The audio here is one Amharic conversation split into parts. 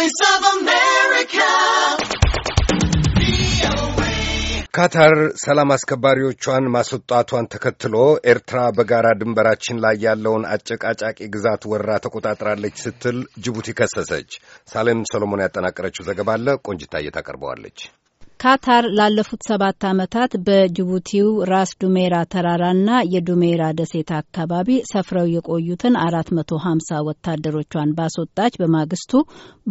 Voice of America. ካታር ሰላም አስከባሪዎቿን ማስወጣቷን ተከትሎ ኤርትራ በጋራ ድንበራችን ላይ ያለውን አጨቃጫቂ ግዛት ወራ ተቆጣጥራለች ስትል ጅቡቲ ከሰሰች። ሳሌም ሰሎሞን ያጠናቀረችው ዘገባ አለ ቆንጅታዬ ታቀርበዋለች። ካታር ላለፉት ሰባት ዓመታት በጅቡቲው ራስ ዱሜራ ተራራና የዱሜራ ደሴት አካባቢ ሰፍረው የቆዩትን 450 ወታደሮቿን ባስወጣች በማግስቱ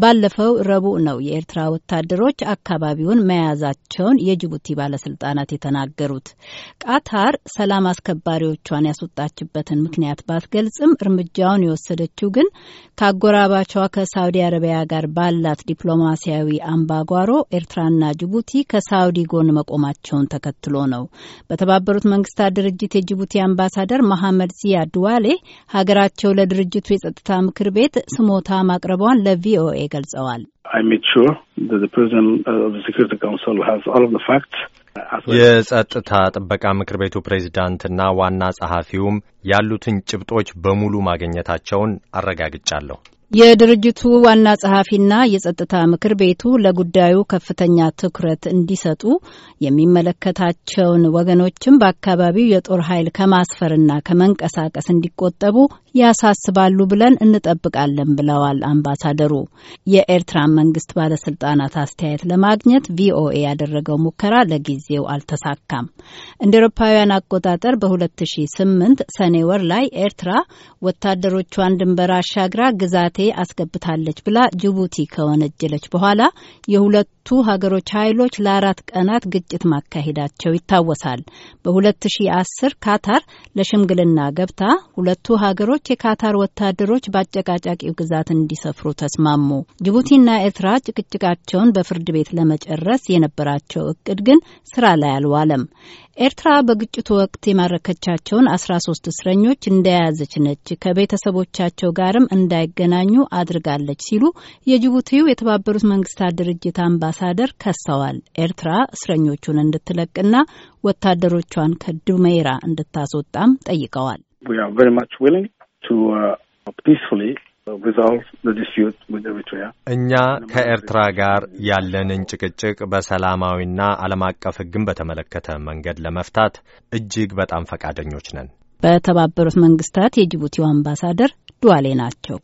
ባለፈው ረቡዕ ነው የኤርትራ ወታደሮች አካባቢውን መያዛቸውን የጅቡቲ ባለስልጣናት የተናገሩት። ቃታር ሰላም አስከባሪዎቿን ያስወጣችበትን ምክንያት ባትገልጽም እርምጃውን የወሰደችው ግን ከአጎራባቿ ከሳውዲ አረቢያ ጋር ባላት ዲፕሎማሲያዊ አምባጓሮ ኤርትራና ጅቡቲ ከሳውዲ ጎን መቆማቸውን ተከትሎ ነው። በተባበሩት መንግስታት ድርጅት የጅቡቲ አምባሳደር መሐመድ ዚያድ ሀገራቸው ለድርጅቱ የጸጥታ ምክር ቤት ስሞታ ማቅረቧን ለቪኦኤ ገልጸዋል። የጸጥታ ጥበቃ ምክር ቤቱ ፕሬዚዳንትና ዋና ጸሐፊውም ያሉትን ጭብጦች በሙሉ ማግኘታቸውን አረጋግጫለሁ። የድርጅቱ ዋና ጸሐፊና የጸጥታ ምክር ቤቱ ለጉዳዩ ከፍተኛ ትኩረት እንዲሰጡ የሚመለከታቸውን ወገኖችም በአካባቢው የጦር ኃይል ከማስፈርና ከመንቀሳቀስ እንዲቆጠቡ ያሳስባሉ ብለን እንጠብቃለን ብለዋል አምባሳደሩ። የኤርትራ መንግስት ባለስልጣናት አስተያየት ለማግኘት ቪኦኤ ያደረገው ሙከራ ለጊዜው አልተሳካም። እንደ ኤሮፓውያን አቆጣጠር በ2008 ሰኔ ወር ላይ ኤርትራ ወታደሮቿን ድንበር አሻግራ ግዛቴ አስገብታለች ብላ ጅቡቲ ከወነጀለች በኋላ የሁለቱ ሀገሮች ኃይሎች ለአራት ቀናት ግጭት ማካሄዳቸው ይታወሳል። በ2010 ካታር ለሽምግልና ገብታ ሁለቱ ሀገሮች የካታር ወታደሮች በአጨቃጫቂው ግዛት እንዲሰፍሩ ተስማሙ። ጅቡቲና ኤርትራ ጭቅጭቃቸውን በፍርድ ቤት ለመጨረስ የነበራቸው እቅድ ግን ስራ ላይ አልዋለም። ኤርትራ በግጭቱ ወቅት የማረከቻቸውን አስራ ሶስት እስረኞች እንደያዘች ነች፣ ከቤተሰቦቻቸው ጋርም እንዳይገናኙ አድርጋለች ሲሉ የጅቡቲው የተባበሩት መንግስታት ድርጅት አምባሳደር ከሰዋል። ኤርትራ እስረኞቹን እንድትለቅና ወታደሮቿን ከዱሜራ እንድታስወጣም ጠይቀዋል። እኛ ከኤርትራ ጋር ያለንን ጭቅጭቅ በሰላማዊና ዓለም አቀፍ ሕግን በተመለከተ መንገድ ለመፍታት እጅግ በጣም ፈቃደኞች ነን። በተባበሩት መንግስታት የጅቡቲው አምባሳደር ዱዋሌ ናቸው።